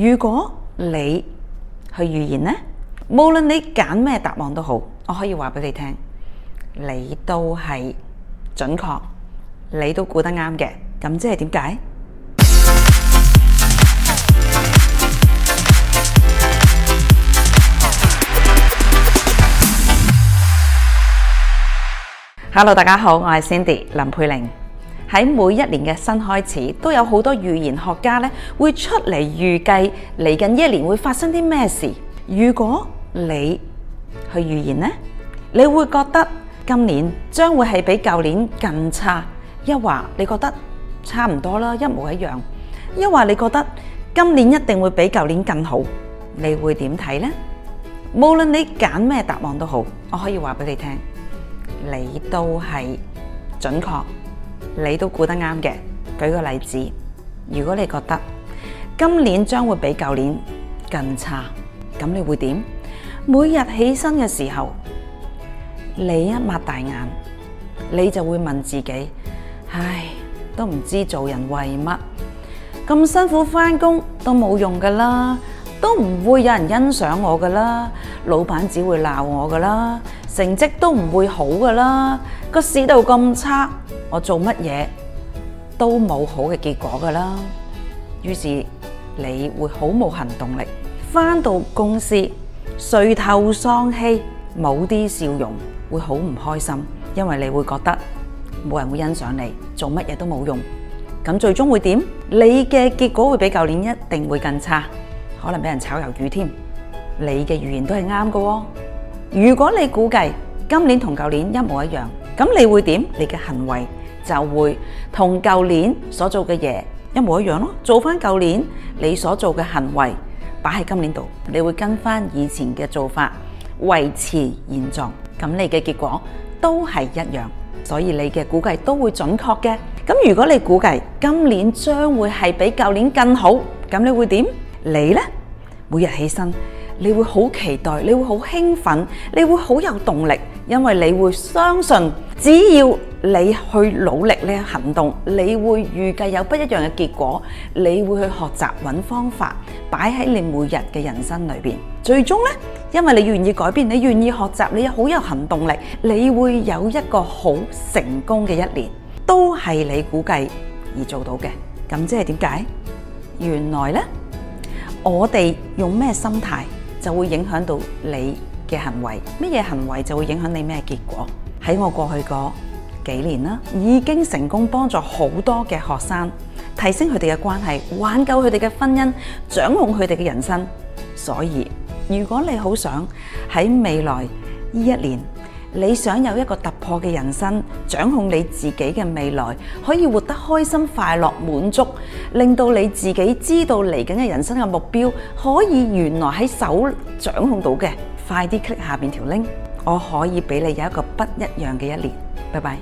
如果你去預言呢，無論你揀咩答案都好，我可以話俾你聽，你都係準確，你都估得啱嘅。咁即係點解？Hello，大家好，我係 Cindy，林佩玲。喺每一年嘅新開始，都有好多預言學家呢，會出嚟預計嚟緊一年會發生啲咩事。如果你去預言呢，你會覺得今年將會係比舊年更差，定話你覺得差唔多啦，一模一樣；定話你覺得今年一定會比舊年更好，你會點睇呢？無論你揀咩答案都好，我可以話俾你聽，你都係準確。你都估得啱嘅。舉個例子，如果你覺得今年將會比舊年更差，咁你會點？每日起身嘅時候，你一擘大眼，你就會問自己：「唉，都唔知做人為乜咁辛苦，返工都冇用㗎啦，都唔會有人欣賞我㗎啦，老闆只會鬧我㗎啦，成績都唔會好㗎啦，個市道咁差。我做乜嘢都冇好嘅結果噶啦，於是你會好冇行動力，返到公司垂頭喪氣，冇啲笑容，會好唔開心，因為你會覺得冇人會欣賞你，做乜嘢都冇用，咁最終會點？你嘅結果會比舊年一定會更差，可能俾人炒魷魚添。你嘅預言都係啱噶喎。如果你估計今年同舊年一模一樣。咁你會點？你嘅行為就會同舊年所做嘅嘢一模一樣咯，做翻舊年你所做嘅行為擺喺今年度，你會跟翻以前嘅做法，維持現狀，咁你嘅結果都係一樣，所以你嘅估計都會準確嘅。咁如果你估計今年將會係比舊年更好，咁你會點？你呢？每日起身。你會好期待，你會好興奮，你會好有動力，因為你會相信，只要你去努力咧行動，你會預計有不一樣嘅結果。你會去學習揾方法，擺喺你每日嘅人生裏邊。最終呢，因為你願意改變，你願意學習，你又好有行動力，你會有一個好成功嘅一年，都係你估計而做到嘅。咁即係點解？原來呢，我哋用咩心態？就會影響到你嘅行為，乜嘢行為就會影響你咩結果。喺我過去嗰幾年啦，已經成功幫助好多嘅學生，提升佢哋嘅關係，挽救佢哋嘅婚姻，掌控佢哋嘅人生。所以，如果你好想喺未來呢一年，你想有一個突破嘅人生，掌控你自己嘅未來，可以活得開心、快樂、滿足，令到你自己知道嚟緊嘅人生嘅目標可以原來喺手掌控到嘅，快啲 click 下邊條 link，我可以俾你有一個不一樣嘅一年。拜拜。